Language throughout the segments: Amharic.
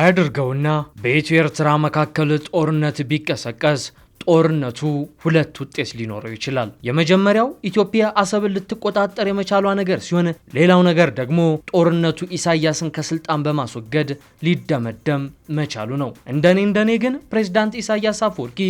አያድርገውና በኢትዮ ኤርትራ መካከል ጦርነት ቢቀሰቀስ ጦርነቱ ሁለት ውጤት ሊኖረው ይችላል። የመጀመሪያው ኢትዮጵያ አሰብን ልትቆጣጠር የመቻሏ ነገር ሲሆን፣ ሌላው ነገር ደግሞ ጦርነቱ ኢሳያስን ከስልጣን በማስወገድ ሊደመደም መቻሉ ነው። እንደኔ እንደኔ ግን ፕሬዝዳንት ኢሳያስ አፈወርቂ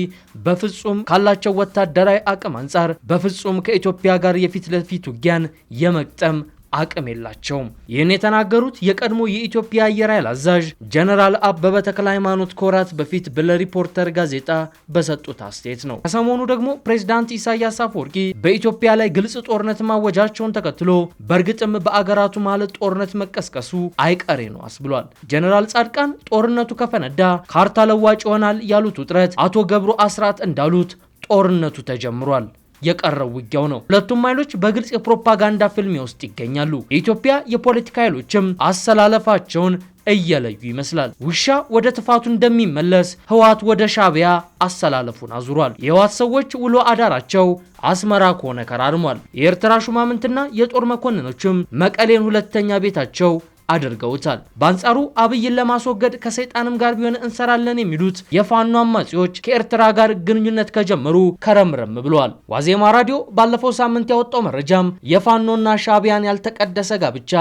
በፍጹም ካላቸው ወታደራዊ አቅም አንጻር በፍጹም ከኢትዮጵያ ጋር የፊት ለፊት ውጊያን የመቅጠም አቅም የላቸውም። ይህን የተናገሩት የቀድሞ የኢትዮጵያ አየር ኃይል አዛዥ ጀነራል አበበ ተክለ ሃይማኖት ከወራት በፊት ለሪፖርተር ጋዜጣ በሰጡት አስተያየት ነው። ከሰሞኑ ደግሞ ፕሬዚዳንት ኢሳያስ አፈወርቂ በኢትዮጵያ ላይ ግልጽ ጦርነት ማወጃቸውን ተከትሎ በእርግጥም በአገራቱ ማለት ጦርነት መቀስቀሱ አይቀሬ ነው አስብሏል። ጀነራል ጻድቃን ጦርነቱ ከፈነዳ ካርታ ለዋጭ ይሆናል ያሉት ውጥረት አቶ ገብሩ አስራት እንዳሉት ጦርነቱ ተጀምሯል። የቀረው ውጊያው ነው። ሁለቱም ኃይሎች በግልጽ የፕሮፓጋንዳ ፊልም ውስጥ ይገኛሉ። የኢትዮጵያ የፖለቲካ ኃይሎችም አሰላለፋቸውን እየለዩ ይመስላል። ውሻ ወደ ትፋቱ እንደሚመለስ ህወሓት ወደ ሻቢያ አሰላለፉን አዙሯል። የህወሓት ሰዎች ውሎ አዳራቸው አስመራ ከሆነ ከራርሟል። የኤርትራ ሹማምንትና የጦር መኮንኖችም መቀሌን ሁለተኛ ቤታቸው አድርገውታል። በአንጻሩ አብይን ለማስወገድ ከሰይጣንም ጋር ቢሆን እንሰራለን የሚሉት የፋኖ አማጺዎች ከኤርትራ ጋር ግንኙነት ከጀመሩ ከረምረም ብለዋል። ዋዜማ ራዲዮ ባለፈው ሳምንት ያወጣው መረጃም የፋኖና ሻቢያን ያልተቀደሰ ጋብቻ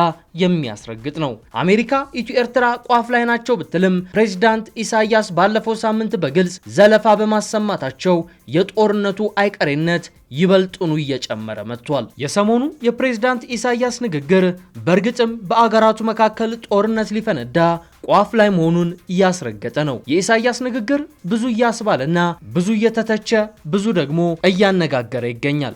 የሚያስረግጥ ነው። አሜሪካ ኢትዮ ኤርትራ ቋፍ ላይ ናቸው ብትልም ፕሬዚዳንት ኢሳያስ ባለፈው ሳምንት በግልጽ ዘለፋ በማሰማታቸው የጦርነቱ አይቀሬነት ይበልጥኑ እየጨመረ መጥቷል። የሰሞኑ የፕሬዝዳንት ኢሳያስ ንግግር በእርግጥም በአገራቱ መ መካከል ጦርነት ሊፈነዳ ቋፍ ላይ መሆኑን እያስረገጠ ነው። የኢሳያስ ንግግር ብዙ እያስባለና ብዙ እየተተቸ ብዙ ደግሞ እያነጋገረ ይገኛል።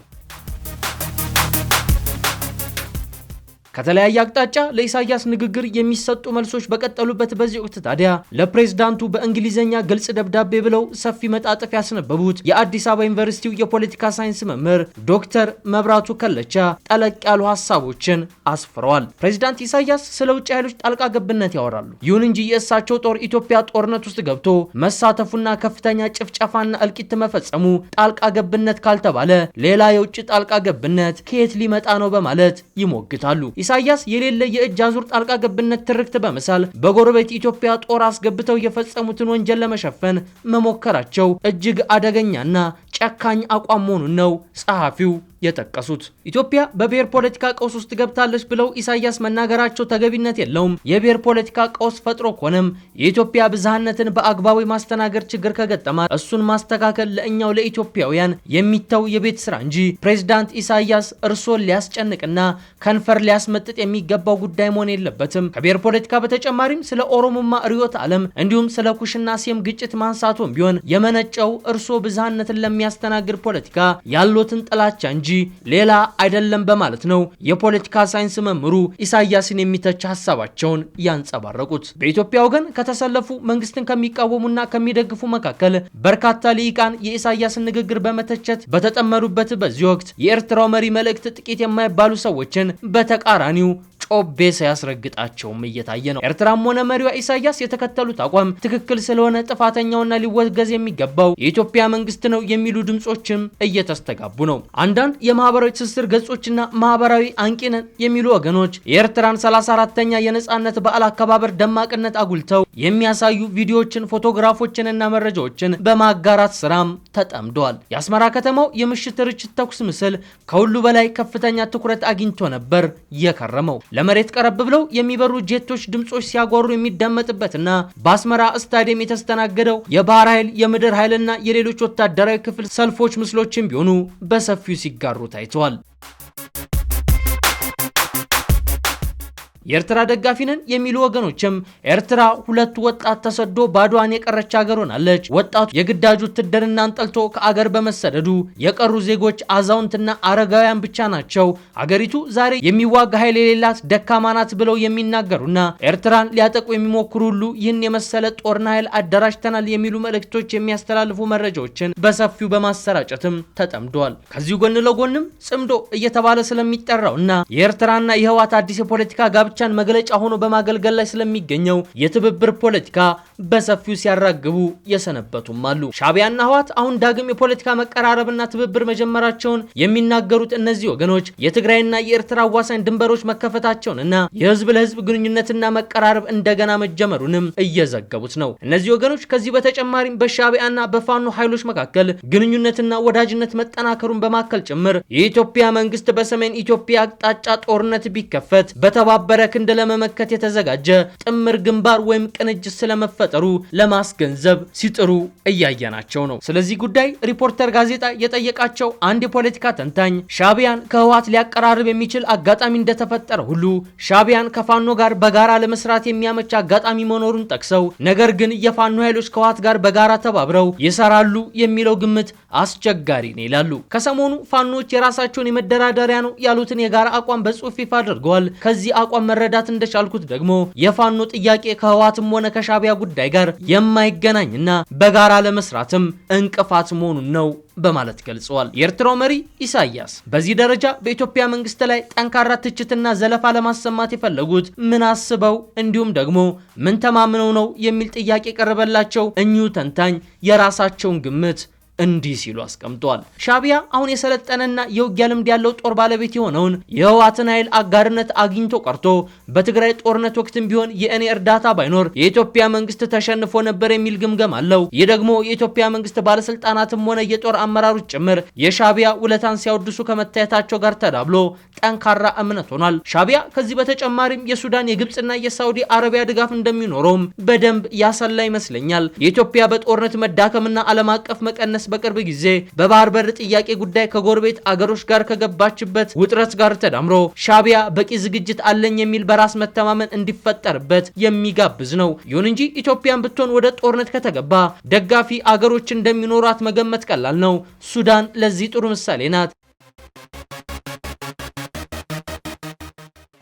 ከተለያየ አቅጣጫ ለኢሳያስ ንግግር የሚሰጡ መልሶች በቀጠሉበት በዚህ ወቅት ታዲያ ለፕሬዝዳንቱ በእንግሊዝኛ ግልጽ ደብዳቤ ብለው ሰፊ መጣጥፍ ያስነበቡት የአዲስ አበባ ዩኒቨርሲቲው የፖለቲካ ሳይንስ መምህር ዶክተር መብራቱ ከለቻ ጠለቅ ያሉ ሀሳቦችን አስፍረዋል። ፕሬዝዳንት ኢሳያስ ስለ ውጭ ኃይሎች ጣልቃ ገብነት ያወራሉ። ይሁን እንጂ የእሳቸው ጦር ኢትዮጵያ ጦርነት ውስጥ ገብቶ መሳተፉና ከፍተኛ ጭፍጨፋና እልቂት መፈጸሙ ጣልቃ ገብነት ካልተባለ ሌላ የውጭ ጣልቃ ገብነት ከየት ሊመጣ ነው በማለት ይሞግታሉ። ኢሳያስ የሌለ የእጅ አዙር ጣልቃ ገብነት ትርክት በመሳል በጎረቤት ኢትዮጵያ ጦር አስገብተው የፈጸሙትን ወንጀል ለመሸፈን መሞከራቸው እጅግ አደገኛና ጨካኝ አቋም መሆኑን ነው ጸሐፊው የጠቀሱት። ኢትዮጵያ በብሔር ፖለቲካ ቀውስ ውስጥ ገብታለች ብለው ኢሳያስ መናገራቸው ተገቢነት የለውም። የብሔር ፖለቲካ ቀውስ ፈጥሮ ከሆነም የኢትዮጵያ ብዝሃነትን በአግባቡ ማስተናገድ ችግር ከገጠማ እሱን ማስተካከል ለእኛው ለኢትዮጵያውያን የሚተው የቤት ስራ እንጂ ፕሬዝዳንት ኢሳያስ እርሶን ሊያስጨንቅና ከንፈር ሊያስመጥጥ የሚገባው ጉዳይ መሆን የለበትም። ከብሔር ፖለቲካ በተጨማሪም ስለ ኦሮሞማ ርዕዮተ ዓለም እንዲሁም ስለ ኩሽና ሴም ግጭት ማንሳቱም ቢሆን የመነጨው እርሶ ብዝሃነትን ለሚያስተናግድ ፖለቲካ ያሎትን ጥላቻ እንጂ እንጂ ሌላ አይደለም በማለት ነው የፖለቲካ ሳይንስ መምህሩ ኢሳያስን የሚተች ሀሳባቸውን ያንጸባረቁት። በኢትዮጵያ ወገን ከተሰለፉ መንግስትን ከሚቃወሙና ከሚደግፉ መካከል በርካታ ልሂቃን የኢሳያስን ንግግር በመተቸት በተጠመዱበት በዚህ ወቅት የኤርትራው መሪ መልእክት ጥቂት የማይባሉ ሰዎችን በተቃራኒው ጮቤ ሳያስረግጣቸውም እየታየ ነው። ኤርትራም ሆነ መሪዋ ኢሳያስ የተከተሉት አቋም ትክክል ስለሆነ ጥፋተኛውና ሊወገዝ የሚገባው የኢትዮጵያ መንግስት ነው የሚሉ ድምጾችም እየተስተጋቡ ነው። አንዳንድ የማህበራዊ ትስስር ገጾችና ማህበራዊ አንቂነን የሚሉ ወገኖች የኤርትራን 34ተኛ የነጻነት በዓል አከባበር ደማቅነት አጉልተው የሚያሳዩ ቪዲዮዎችን፣ ፎቶግራፎችንና መረጃዎችን በማጋራት ስራም ተጠምደዋል። የአስመራ ከተማው የምሽት ርችት ተኩስ ምስል ከሁሉ በላይ ከፍተኛ ትኩረት አግኝቶ ነበር የከረመው። ለመሬት ቀረብ ብለው የሚበሩ ጄቶች ድምጾች ሲያጓሩ የሚደመጥበትና በአስመራ ስታዲየም የተስተናገደው የባህር ኃይል የምድር ኃይልና የሌሎች ወታደራዊ ክፍል ሰልፎች ምስሎችም ቢሆኑ በሰፊው ሲጋሩ ታይተዋል። የኤርትራ ደጋፊ ነን የሚሉ ወገኖችም ኤርትራ ሁለት ወጣት ተሰዶ ባዷን የቀረች ሀገር ሆናለች። ወጣቱ የግዳጅ ውትድርናን ጠልቶ ከአገር በመሰደዱ የቀሩ ዜጎች አዛውንትና አረጋውያን ብቻ ናቸው። አገሪቱ ዛሬ የሚዋጋ ኃይል የሌላት ደካማ ናት ብለው የሚናገሩና ኤርትራን ሊያጠቁ የሚሞክሩ ሁሉ ይህን የመሰለ ጦርና ኃይል አደራጅተናል የሚሉ መልእክቶች የሚያስተላልፉ መረጃዎችን በሰፊው በማሰራጨትም ተጠምደዋል። ከዚሁ ጎን ለጎንም ጽምዶ እየተባለ ስለሚጠራውና የኤርትራና የህዋት አዲስ የፖለቲካ ጋብቻ የጥላቻን መግለጫ ሆኖ በማገልገል ላይ ስለሚገኘው የትብብር ፖለቲካ በሰፊው ሲያራግቡ የሰነበቱም አሉ። ሻቢያና ህዋት አሁን ዳግም የፖለቲካ መቀራረብና ትብብር መጀመራቸውን የሚናገሩት እነዚህ ወገኖች የትግራይና የኤርትራ አዋሳኝ ድንበሮች መከፈታቸውንና የህዝብ ለህዝብ ግንኙነትና መቀራረብ እንደገና መጀመሩንም እየዘገቡት ነው። እነዚህ ወገኖች ከዚህ በተጨማሪም በሻቢያና በፋኖ ኃይሎች መካከል ግንኙነትና ወዳጅነት መጠናከሩን በማከል ጭምር የኢትዮጵያ መንግስት በሰሜን ኢትዮጵያ አቅጣጫ ጦርነት ቢከፈት በተባበረ ክንድ ለመመከት የተዘጋጀ ጥምር ግንባር ወይም ቅንጅት ስለመፈጠሩ ለማስገንዘብ ሲጥሩ እያየናቸው ነው። ስለዚህ ጉዳይ ሪፖርተር ጋዜጣ የጠየቃቸው አንድ የፖለቲካ ተንታኝ ሻቢያን ከህወሓት ሊያቀራርብ የሚችል አጋጣሚ እንደተፈጠረ ሁሉ ሻቢያን ከፋኖ ጋር በጋራ ለመስራት የሚያመች አጋጣሚ መኖሩን ጠቅሰው ነገር ግን የፋኖ ኃይሎች ከህወሓት ጋር በጋራ ተባብረው ይሰራሉ የሚለው ግምት አስቸጋሪ ነው ይላሉ። ከሰሞኑ ፋኖች የራሳቸውን የመደራደሪያ ነው ያሉትን የጋራ አቋም በጽሁፍ ይፋ አድርገዋል። ከዚህ አቋም መረዳት እንደቻልኩት ደግሞ የፋኖ ጥያቄ ከህወሓትም ሆነ ከሻቢያ ጉዳይ ጋር የማይገናኝና በጋራ ለመስራትም እንቅፋት መሆኑን ነው በማለት ገልጸዋል። የኤርትራው መሪ ኢሳያስ በዚህ ደረጃ በኢትዮጵያ መንግስት ላይ ጠንካራ ትችትና ዘለፋ ለማሰማት የፈለጉት ምን አስበው እንዲሁም ደግሞ ምን ተማምነው ነው የሚል ጥያቄ ቀረበላቸው። እኚሁ ተንታኝ የራሳቸውን ግምት እንዲህ ሲሉ አስቀምጧል። ሻቢያ አሁን የሰለጠነና የውጊያ ልምድ ያለው ጦር ባለቤት የሆነውን የህወሓትን ኃይል አጋርነት አግኝቶ ቀርቶ በትግራይ ጦርነት ወቅትም ቢሆን የእኔ እርዳታ ባይኖር የኢትዮጵያ መንግስት ተሸንፎ ነበር የሚል ግምገም አለው። ይህ ደግሞ የኢትዮጵያ መንግስት ባለስልጣናትም ሆነ የጦር አመራሮች ጭምር የሻቢያ ውለታን ሲያወድሱ ከመታየታቸው ጋር ተዳብሎ ጠንካራ እምነት ሆኗል። ሻቢያ ከዚህ በተጨማሪም የሱዳን የግብፅና የሳውዲ አረቢያ ድጋፍ እንደሚኖረውም በደንብ ያሰላ ይመስለኛል። የኢትዮጵያ በጦርነት መዳከምና ዓለም አቀፍ መቀነስ በቅርብ ጊዜ በባህር በር ጥያቄ ጉዳይ ከጎረቤት አገሮች ጋር ከገባችበት ውጥረት ጋር ተዳምሮ ሻቢያ በቂ ዝግጅት አለኝ የሚል በራስ መተማመን እንዲፈጠርበት የሚጋብዝ ነው። ይሁን እንጂ ኢትዮጵያን ብትሆን ወደ ጦርነት ከተገባ ደጋፊ አገሮች እንደሚኖራት መገመት ቀላል ነው። ሱዳን ለዚህ ጥሩ ምሳሌ ናት።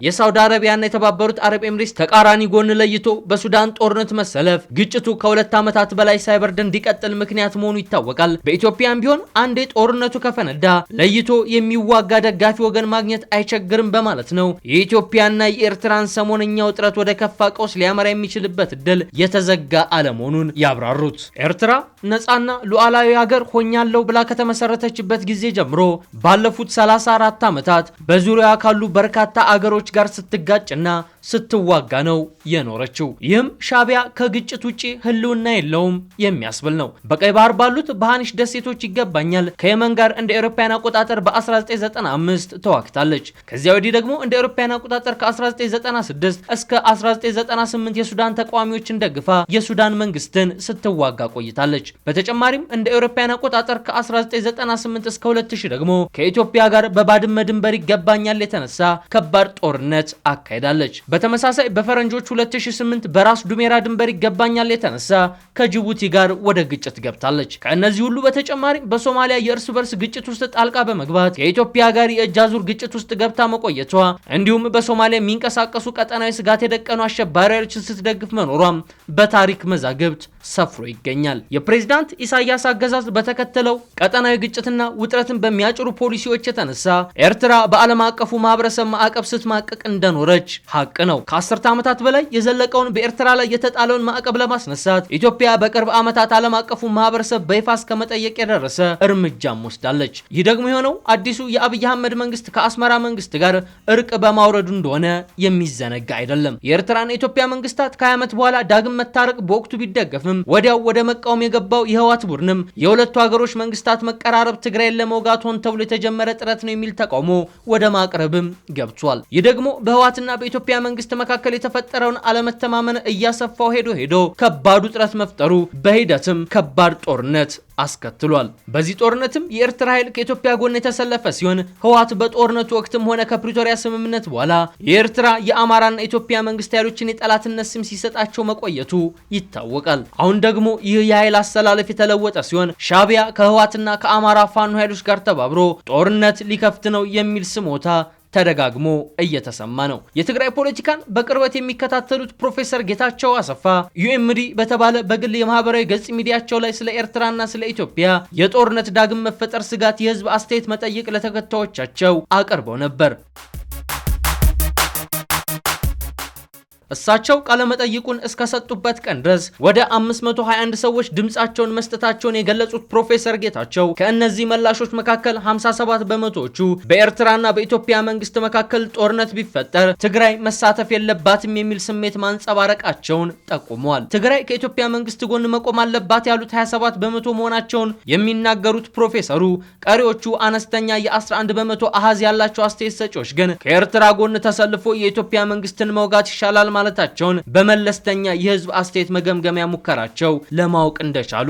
የሳውዲ አረቢያና የተባበሩት አረብ ኤምሬትስ ተቃራኒ ጎን ለይቶ በሱዳን ጦርነት መሰለፍ ግጭቱ ከሁለት ዓመታት በላይ ሳይበርድ እንዲቀጥል ምክንያት መሆኑ ይታወቃል። በኢትዮጵያም ቢሆን አንዴ ጦርነቱ ከፈነዳ ለይቶ የሚዋጋ ደጋፊ ወገን ማግኘት አይቸግርም በማለት ነው የኢትዮጵያና የኤርትራን ሰሞነኛ ውጥረት ወደ ከፋ ቀውስ ሊያመራ የሚችልበት እድል የተዘጋ አለመሆኑን ያብራሩት ኤርትራ ነፃና ሉዓላዊ ሀገር ሆኛለሁ ብላ ከተመሰረተችበት ጊዜ ጀምሮ ባለፉት 34 ዓመታት በዙሪያ ካሉ በርካታ አገሮች ጋር ስትጋጭና ስትዋጋ ነው የኖረችው። ይህም ሻቢያ ከግጭት ውጪ ህልውና የለውም የሚያስብል ነው። በቀይ ባህር ባሉት በሃኒሽ ደሴቶች ይገባኛል ከየመን ጋር እንደ ኤሮፓያን አቆጣጠር በ1995 ተዋግታለች። ከዚያ ወዲህ ደግሞ እንደ ኤሮፓያን አቆጣጠር ከ1996 እስከ 1998 የሱዳን ተቃዋሚዎችን ደግፋ የሱዳን መንግስትን ስትዋጋ ቆይታለች። በተጨማሪም እንደ ኤሮፓያን አቆጣጠር ከ1998 እስከ 2000 ደግሞ ከኢትዮጵያ ጋር በባድመ ድንበር ይገባኛል የተነሳ ከባድ ጦርነት አካሂዳለች። በተመሳሳይ በፈረንጆች 2008 በራስ ዱሜራ ድንበር ይገባኛል የተነሳ ከጅቡቲ ጋር ወደ ግጭት ገብታለች። ከእነዚህ ሁሉ በተጨማሪ በሶማሊያ የእርስ በርስ ግጭት ውስጥ ጣልቃ በመግባት ከኢትዮጵያ ጋር የእጅ አዙር ግጭት ውስጥ ገብታ መቆየቷ እንዲሁም በሶማሊያ የሚንቀሳቀሱ ቀጠናዊ ስጋት የደቀኑ አሸባሪዎችን ስትደግፍ መኖሯም በታሪክ መዛግብት ሰፍሮ ይገኛል። የፕሬዝዳንት ኢሳያስ አገዛዝ በተከተለው ቀጠናዊ ግጭትና ውጥረትን በሚያጭሩ ፖሊሲዎች የተነሳ ኤርትራ በዓለም አቀፉ ማህበረሰብ ማዕቀብ ስትማቀቅ እንደኖረች ሀቅ ነው። ከአስርተ ዓመታት በላይ የዘለቀውን በኤርትራ ላይ የተጣለውን ማዕቀብ ለማስነሳት ኢትዮጵያ በቅርብ ዓመታት ዓለም አቀፉ ማህበረሰብ በይፋ እስከመጠየቅ የደረሰ እርምጃም ወስዳለች። ይህ ደግሞ የሆነው አዲሱ የአብይ አህመድ መንግስት ከአስመራ መንግስት ጋር እርቅ በማውረዱ እንደሆነ የሚዘነጋ አይደለም። የኤርትራና የኢትዮጵያ መንግስታት ከ20 ዓመት በኋላ ዳግም መታረቅ በወቅቱ ቢደገፍም ቢሆንም ወዲያው ወደ መቃወም የገባው የህወሓት ቡድንም የሁለቱ ሀገሮች መንግስታት መቀራረብ ትግራይን ለመውጋት ሆን ተብሎ የተጀመረ ጥረት ነው የሚል ተቃውሞ ወደ ማቅረብም ገብቷል። ይህ ደግሞ በህወሓትና በኢትዮጵያ መንግስት መካከል የተፈጠረውን አለመተማመን እያሰፋው ሄዶ ሄዶ ከባድ ውጥረት መፍጠሩ በሂደትም ከባድ ጦርነት አስከትሏል። በዚህ ጦርነትም የኤርትራ ኃይል ከኢትዮጵያ ጎን የተሰለፈ ሲሆን ህወሓት በጦርነቱ ወቅትም ሆነ ከፕሪቶሪያ ስምምነት በኋላ የኤርትራ የአማራና ኢትዮጵያ መንግስት ኃይሎችን የጠላትነት ስም ሲሰጣቸው መቆየቱ ይታወቃል። አሁን ደግሞ ይህ የኃይል አሰላለፍ የተለወጠ ሲሆን ሻቢያ ከህወሓትና ከአማራ ፋኖ ኃይሎች ጋር ተባብሮ ጦርነት ሊከፍት ነው የሚል ስሞታ ተደጋግሞ እየተሰማ ነው። የትግራይ ፖለቲካን በቅርበት የሚከታተሉት ፕሮፌሰር ጌታቸው አሰፋ ዩኤምዲ በተባለ በግል የማህበራዊ ገጽ ሚዲያቸው ላይ ስለ ኤርትራና ስለ ኢትዮጵያ የጦርነት ዳግም መፈጠር ስጋት የህዝብ አስተያየት መጠይቅ ለተከታዮቻቸው አቅርበው ነበር። እሳቸው ቃለመጠይቁን እስከሰጡበት ቀን ድረስ ወደ 521 ሰዎች ድምፃቸውን መስጠታቸውን የገለጹት ፕሮፌሰር ጌታቸው ከእነዚህ መላሾች መካከል 57 በመቶዎቹ በኤርትራና በኢትዮጵያ መንግስት መካከል ጦርነት ቢፈጠር ትግራይ መሳተፍ የለባትም የሚል ስሜት ማንጸባረቃቸውን ጠቁመዋል። ትግራይ ከኢትዮጵያ መንግስት ጎን መቆም አለባት ያሉት 27 በመቶ መሆናቸውን የሚናገሩት ፕሮፌሰሩ ቀሪዎቹ አነስተኛ የ11 በመቶ አሃዝ ያላቸው አስተያየት ሰጪዎች ግን ከኤርትራ ጎን ተሰልፎ የኢትዮጵያ መንግስትን መውጋት ይሻላል ማለታቸውን በመለስተኛ የህዝብ አስተያየት መገምገሚያ ሙከራቸው ለማወቅ እንደቻሉ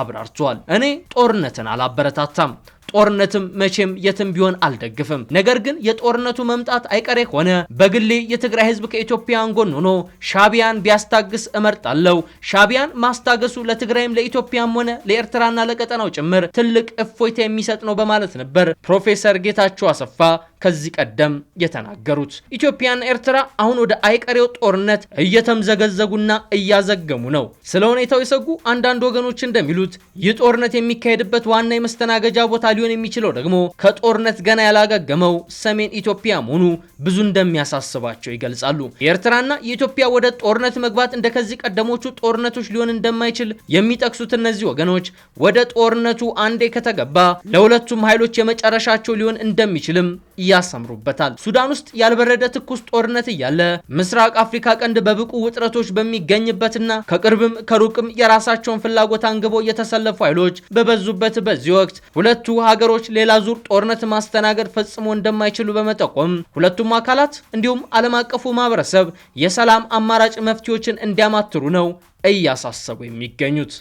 አብራርቷል። እኔ ጦርነትን አላበረታታም ጦርነትም መቼም የትም ቢሆን አልደግፍም። ነገር ግን የጦርነቱ መምጣት አይቀሬ ሆነ። በግሌ የትግራይ ህዝብ ከኢትዮጵያን ጎን ሆኖ ሻቢያን ቢያስታግስ እመርጣለሁ። ሻቢያን ማስታገሱ ለትግራይም ለኢትዮጵያም ሆነ ለኤርትራና ለቀጠናው ጭምር ትልቅ እፎይታ የሚሰጥ ነው በማለት ነበር ፕሮፌሰር ጌታቸው አሰፋ ከዚህ ቀደም የተናገሩት። ኢትዮጵያና ኤርትራ አሁን ወደ አይቀሬው ጦርነት እየተምዘገዘጉና እያዘገሙ ነው። ስለ ሁኔታው የሰጉ አንዳንድ ወገኖች እንደሚሉት ይህ ጦርነት የሚካሄድበት ዋና የመስተናገጃ ቦታ ሊሆን የሚችለው ደግሞ ከጦርነት ገና ያላገገመው ሰሜን ኢትዮጵያ መሆኑ ብዙ እንደሚያሳስባቸው ይገልጻሉ። የኤርትራና የኢትዮጵያ ወደ ጦርነት መግባት እንደከዚህ ቀደሞቹ ጦርነቶች ሊሆን እንደማይችል የሚጠቅሱት እነዚህ ወገኖች ወደ ጦርነቱ አንዴ ከተገባ ለሁለቱም ኃይሎች የመጨረሻቸው ሊሆን እንደሚችልም ያሰምሩበታል። ሱዳን ውስጥ ያልበረደ ትኩስ ጦርነት እያለ ምስራቅ አፍሪካ ቀንድ በብቁ ውጥረቶች በሚገኝበትና ከቅርብም ከሩቅም የራሳቸውን ፍላጎት አንግበው የተሰለፉ ኃይሎች በበዙበት በዚህ ወቅት ሁለቱ ሀገሮች ሌላ ዙር ጦርነት ማስተናገድ ፈጽሞ እንደማይችሉ በመጠቆም ሁለቱም አካላት እንዲሁም ዓለም አቀፉ ማህበረሰብ የሰላም አማራጭ መፍትሄዎችን እንዲያማትሩ ነው እያሳሰቡ የሚገኙት።